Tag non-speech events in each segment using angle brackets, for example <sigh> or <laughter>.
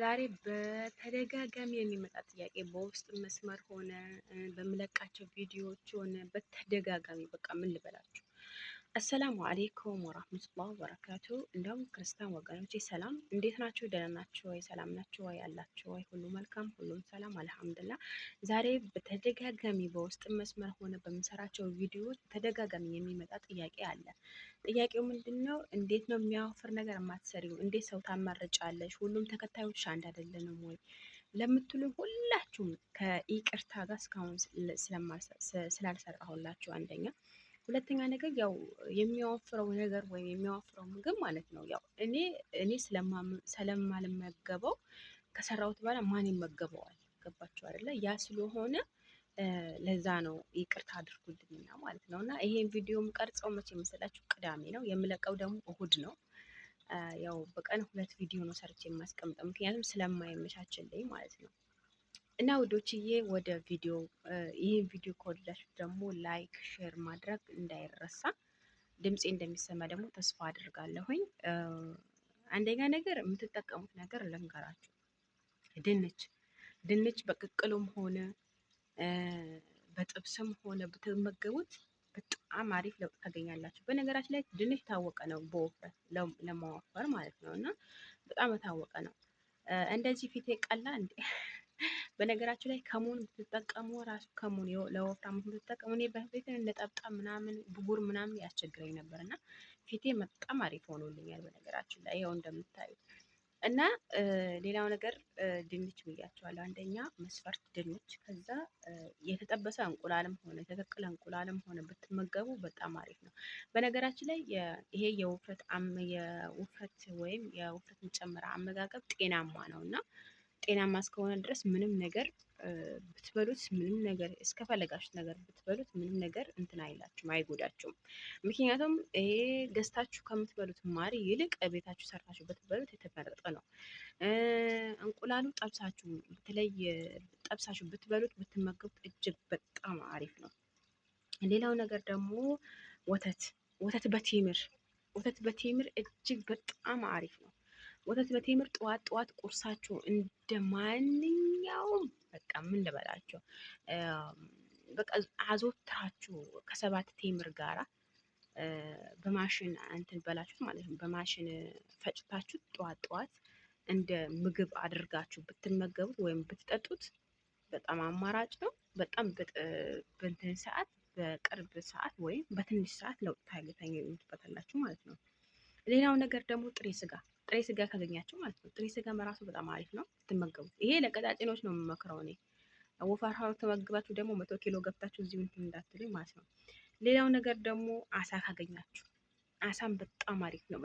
ዛሬ በተደጋጋሚ የሚመጣ ጥያቄ በውስጥ መስመር ሆነ በምለቃቸው ቪዲዮዎች ሆነ በተደጋጋሚ በቃ ምን ልበላችሁ አሰላሙ አሌይኩም ወራህመቱላህ ወበረካቱ። እንደውም ክርስቲያን ወገኖቼ ሰላም፣ እንዴት ናችሁ? ደህና ናችሁ ወይ? ሰላም ናችሁ ወይ? አላችሁ ወይ? ሁሉ መልካም፣ ሁሉም ሰላም አልሐምዱላ። ዛሬ በተደጋጋሚ በውስጥ መስመር ሆነ በምንሰራቸው ቪዲዮዎች በተደጋጋሚ የሚመጣ ጥያቄ አለ። ጥያቄው ምንድን ነው? እንዴት ነው የሚያወፍር ነገር የማትሰሪው? እንዴት ሰው ታማርጫለሽ? ሁሉም ተከታዮች አንድ አይደለንም ወይ ለምትሉ ሁላችሁም ከኢቅርታ ጋር እስካሁን ስላልሰራሁላችሁ አንደኛ ሁለተኛ ነገር ያው የሚያወፍረው ነገር ወይም የሚያወፍረው ምግብ ማለት ነው። ያው እኔ እኔ ስለማልመገበው ከሰራሁት በኋላ ማን ይመገበዋል? ገባችሁ አይደለ? ያ ስለሆነ ለዛ ነው ይቅርታ አድርጉልኝና ማለት ነው። እና ይሄን ቪዲዮም ቀርጸው መቼ የምሰላችሁ ቅዳሜ ነው የምለቀው ደግሞ እሁድ ነው። ያው በቀን ሁለት ቪዲዮ ነው ሰርቼ የማስቀምጠው፣ ምክንያቱም ስለማይመቻችልኝ ማለት ነው። እና ውዶችዬ ወደ ቪዲዮ ይህን ቪዲዮ ከወደዳችሁ ደግሞ ላይክ፣ ሼር ማድረግ እንዳይረሳ። ድምፄ እንደሚሰማ ደግሞ ተስፋ አድርጋለሁኝ። አንደኛ ነገር የምትጠቀሙት ነገር ልንገራችሁ። ድንች ድንች በቅቅሉም ሆነ በጥብስም ሆነ ብትመገቡት በጣም አሪፍ ለውጥ ታገኛላችሁ። በነገራችን ላይ ድንች ታወቀ ነው በወፍረት ለማወፈር ማለት ነው እና በጣም የታወቀ ነው። እንደዚህ ፊቴ ቀላ እንዴ በነገራችሁ ላይ ከሙን ብትጠቀሙ ራሱ ከሙን ለወፍራም ብትጠቀሙ እኔ በፊት እንደጠብጣብ ምናምን ብጉር ምናምን ያስቸግረኝ ነበር እና ፊቴ በጣም አሪፍ ሆኖልኛል። በነገራችን ላይ ያው እንደምታዩት እና ሌላው ነገር ድንች ብያቸዋለሁ። አንደኛ መስፈርት ድንች፣ ከዛ የተጠበሰ እንቁላልም ሆነ የተቀቀለ እንቁላልም ሆነ ብትመገቡ በጣም አሪፍ ነው። በነገራችን ላይ ይሄ የውፍረት ወይም የውፍረት መጨመር አመጋገብ ጤናማ ነው እና ጤናማ እስከሆነ ድረስ ምንም ነገር ብትበሉት ምንም ነገር እስከፈለጋችሁት ነገር ብትበሉት ምንም ነገር እንትን አይላችሁም፣ አይጎዳችሁም። ምክንያቱም ይሄ ገዝታችሁ ከምትበሉት ማር ይልቅ ቤታችሁ ሰርታችሁ ብትበሉት የተመረጠ ነው። እንቁላሉ ጠብሳችሁ በተለይ ጠብሳችሁ ብትበሉት ብትመገቡት እጅግ በጣም አሪፍ ነው። ሌላው ነገር ደግሞ ወተት ወተት በቴምር ወተት በቴምር እጅግ በጣም አሪፍ ነው። ወተት በቴምር ጠዋት ጠዋት ቁርሳችሁ እንደ ማንኛውም በቃ ምን ልበላቸው በቃ አዞታችሁ ከሰባት ቴምር ጋራ በማሽን እንትን በላችሁት ማለት ነው። በማሽን ፈጭታችሁት ጠዋት ጠዋት እንደ ምግብ አድርጋችሁ ብትመገቡት ወይም ብትጠጡት በጣም አማራጭ ነው። በጣም በእንትን ሰዓት በቅርብ ሰዓት ወይም በትንሽ ሰዓት ለውጥ ታገኙበታላችሁ ማለት ነው። ሌላው ነገር ደግሞ ጥሬ ስጋ ጥሬ ስጋ ካገኛቸው ማለት ነው። ጥሬ ስጋ መራሱ በጣም አሪፍ ነው ስትመገቡ። ይሄ ለቀጫጭኖች ነው የምመክረው እኔ። ወፋር ተመግባችሁ ደግሞ መቶ ኪሎ ገብታችሁ እዚሁ እንትን እንዳትሉ ማለት ነው። ሌላው ነገር ደግሞ አሳ ካገኛችሁ አሳም በጣም አሪፍ ነው።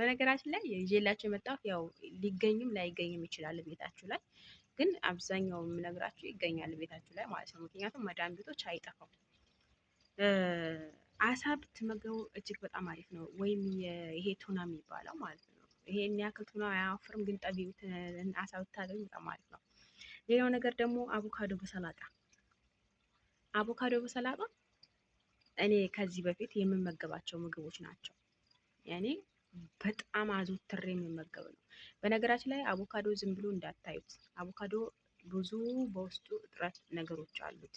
በነገራችን ላይ ይዤላችሁ የመጣሁት ያው ሊገኝም ላይገኝም ይችላል ቤታችሁ ላይ ግን አብዛኛው የምነግራችሁ ይገኛል ቤታችሁ ላይ ማለት ነው። ምክንያቱም መድኃኒቶች አይጠፋም። አሳ ብትመገቡ እጅግ በጣም አሪፍ ነው። ወይም ይሄ ቱና የሚባለው ማለት ነው። ይሄን ያክል ቱና አያወፍርም፣ ግን ጠቢብ አሳ ብታገኝ በጣም አሪፍ ነው። ሌላው ነገር ደግሞ አቮካዶ በሰላጣ አቮካዶ በሰላጣ እኔ ከዚህ በፊት የምመገባቸው ምግቦች ናቸው። ያኔ በጣም አዘውትሬ የምመገብ ነው። በነገራችን ላይ አቮካዶ ዝም ብሎ እንዳታዩት። አቮካዶ ብዙ በውስጡ እጥረት ነገሮች አሉት።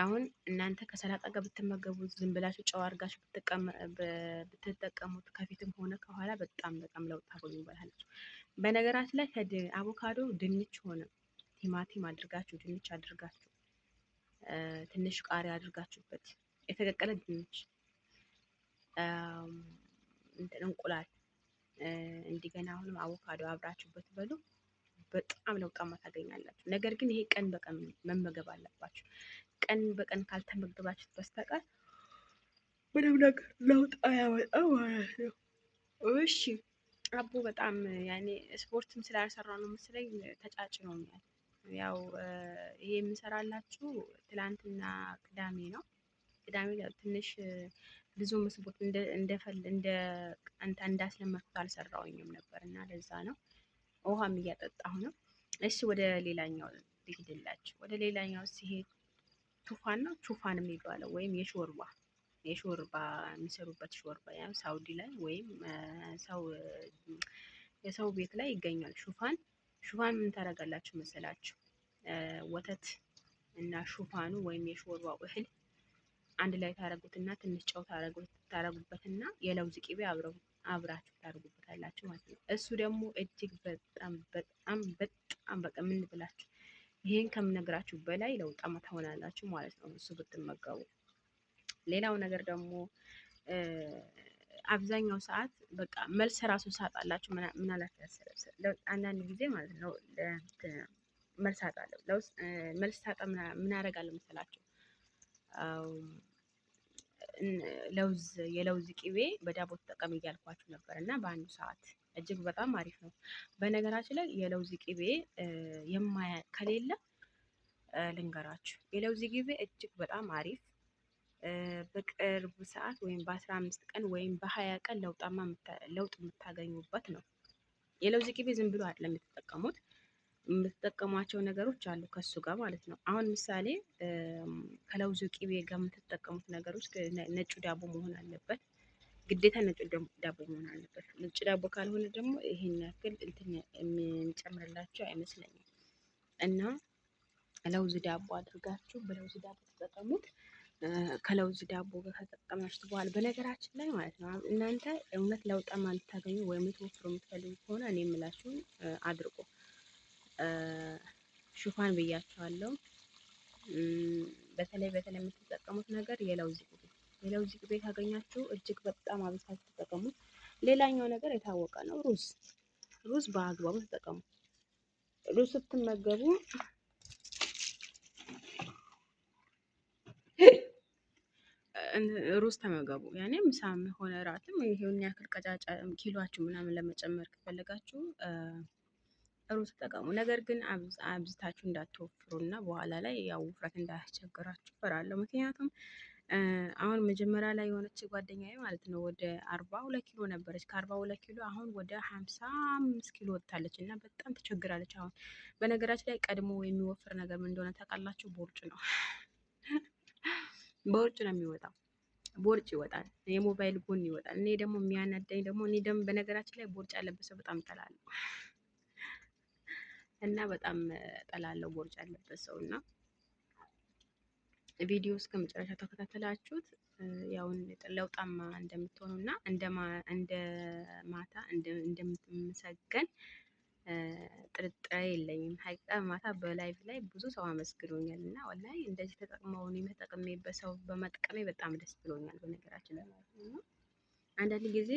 አሁን እናንተ ከሰላጣ ጋር ብትመገቡት ዝም ብላችሁ ጨው አድርጋችሁ ብትጠቀሙት ከፊትም ሆነ ከኋላ በጣም በጣም ለውጥ ታገኙበታላችሁ። በነገራችን ላይ አቮካዶ ድንች ሆነ ቲማቲም አድርጋችሁ ድንች አድርጋችሁ ትንሽ ቃሪያ አድርጋችሁበት የተቀቀለ ድንች፣ እንቁላል እንደገና አሁንም አቮካዶ አብራችሁበት በሉ በጣም ለውጣማ ታገኛላችሁ። ነገር ግን ይሄ ቀን በቀን መመገብ አለባችሁ። ቀን በቀን ካልተመገባችሁት በስተቀር ምንም ነገር ለውጥ አያመጣም ማለት ነው። እሺ አቦ በጣም ያኔ ስፖርትም ስላልሰራ ነው መሰለኝ ተጫጭኖኛል። ያው ይሄ የምሰራላችሁ ትላንትና ቅዳሜ ነው። ቅዳሜ ያው ትንሽ ብዙ ስፖርት እንደፈል እንደ አንተ እንዳስለመድኩት አልሰራውኝም ነበር እና ለዛ ነው ውሃም እያጠጣሁ ነው። እሺ ወደ ሌላኛው ልሂድላችሁ። ወደ ሌላኛው ሲሄድ ቱፋ እና ቹፋን የሚባለው ወይም የሾርባ የሾርባ የሚሰሩበት ሾርባ ያው ሳውዲ ላይ ወይም ሰው የሰው ቤት ላይ ይገኛል። ሹፋን ሹፋን ምን ታደርጋላችሁ መሰላችሁ? ወተት እና ሹፋኑ ወይም የሾርባው እህል አንድ ላይ ታረጉትና ትንሽ ጨው ታረጉበትና የለውዝ ቅቤ አብረው አብራችሁ ታደርጉበታላችሁ ማለት ነው። እሱ ደግሞ እጅግ በጣም በጣም በጣም በቃ ምን ልበላችሁ ይህን ከምነግራችሁ በላይ ለውጣማ ትሆናላችሁ ማለት ነው እሱ ብትመገቡ። ሌላው ነገር ደግሞ አብዛኛው ሰዓት በቃ መልስ ራሱ ሳጣላችሁ ምናላት ያሰለብሰል አንዳንድ ጊዜ ማለት ነው መልስ አጣለሁ መልስ ሳጣ ምን አደርጋለሁ መሰላችሁ? ለውዝ የለውዝ ቅቤ በዳቦ ተጠቀም እያልኳችሁ ነበር እና በአንዱ ሰዓት እጅግ በጣም አሪፍ ነው። በነገራችን ላይ የለውዝ ቅቤ የማያ ከሌለ ልንገራችሁ፣ የለውዝ ቅቤ እጅግ በጣም አሪፍ በቅርብ ሰዓት ወይም በአስራ አምስት ቀን ወይም በሀያ ቀን ለውጣማ ለውጥ የምታገኙበት ነው። የለውዝ ቅቤ ዝም ብሎ አይደለም የምትጠቀሙት የምትጠቀሟቸው ነገሮች አሉ ከሱ ጋር ማለት ነው። አሁን ምሳሌ ከለውዝ ቅቤ ጋር የምትጠቀሙት ነገሮች ነጩ ዳቦ መሆን አለበት። ግዴታ ነጭ ዳቦ መሆን አለበት። ነጭ ዳቦ ካልሆነ ደግሞ ይሄን ያክል እንትን የምንጨምርላቸው አይመስለኝም እና ለውዝ ዳቦ አድርጋችሁ በለውዝ ዳቦ ተጠቀሙት። ከለውዝ ዳቦ ጋር ከተጠቀማችሁ በኋላ በነገራችን ላይ ማለት ነው እናንተ እውነት ለውጥ ልታገኙ ወይም ልትወፍሩ የምትፈልጉ ከሆነ እኔ የምላችሁን አድርጎ ሽፋን ብያችኋለሁ። በተለይ በተለይ የምትጠቀሙት ነገር የለውዝ የለውዝ ቅቤ ካገኛችሁ እጅግ በጣም አብዝታችሁ ተጠቀሙ። ሌላኛው ነገር የታወቀ ነው፣ ሩዝ ሩዝ በአግባቡ ተጠቀሙ። ሩዝ ስትመገቡ <laughs> ሩዝ ተመገቡ። ያኔ ምሳም ሆነ እራትም ይሄን ያክል ቀጫጫ ኪሏችሁ ምናምን ለመጨመር ከፈለጋችሁ ሩዝ ተጠቀሙ። ነገር ግን አብዝታችሁ እንዳትወፍሩ እና በኋላ ላይ ያው ውፍረት እንዳያስቸግራችሁ እፈራለሁ። ምክንያቱም አሁን መጀመሪያ ላይ የሆነች ጓደኛዬ ማለት ነው ወደ አርባ ሁለት ኪሎ ነበረች። ከአርባ ሁለት ኪሎ አሁን ወደ ሀምሳ አምስት ኪሎ ወጥታለች እና በጣም ተቸግራለች። አሁን በነገራችን ላይ ቀድሞ የሚወፍር ነገር ምን እንደሆነ ታውቃላችሁ? ቦርጭ ነው። ቦርጭ <laughs> ነው የሚወጣው ቦርጭ ይወጣል። የሞባይል ጎን ይወጣል። እኔ ደግሞ የሚያናዳኝ ደግሞ እኔ ደግሞ በነገራችን ላይ ቦርጭ ያለበት ሰው በጣም እጠላለሁ <laughs> እና በጣም እጠላለሁ ቦርጭ ያለበት ሰው እና ቪዲዮ እስከ መጨረሻ ተከታተላችሁት ያው ለውጣማ እንደምትሆኑ እና እንደ ማታ እንደምትመሰገን ጥርጥር የለኝም። ሀቂቃ ማታ በላይቭ ላይ ብዙ ሰው አመስግኖኛል እና ወላሂ እንደዚህ ተጠቅመው እኔም ተጠቅሜ በሰው በመጠቀሜ በጣም ደስ ብሎኛል። በነገራችን ላይ ማለት ነው አንዳንድ ጊዜ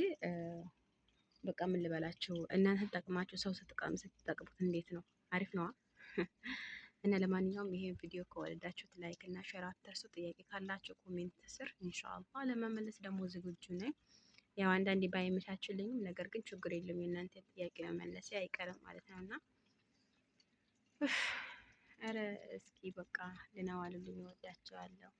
በቃ ምን ልበላችሁ እናንተ ተጠቅማችሁ ሰው ስትጠቅሙት እንዴት ነው? አሪፍ ነዋ። <laughs> እና ለማንኛውም ይሄን ቪዲዮ ከወደዳችሁት ላይክ እና ሼር አትርሱ። ጥያቄ ካላችሁ ኮሜንት ስር ኢንሻአላህ ለመመለስ ደግሞ ዝግጁ ነኝ። ያው አንዳንዴ ባይመቻችልኝም ነገር ግን ችግር የለም የእናንተ ጥያቄ መመለሴ አይቀርም ማለት ነው እና ኧረ እስኪ በቃ ልናዋልልኝ እወዳቸዋለሁ።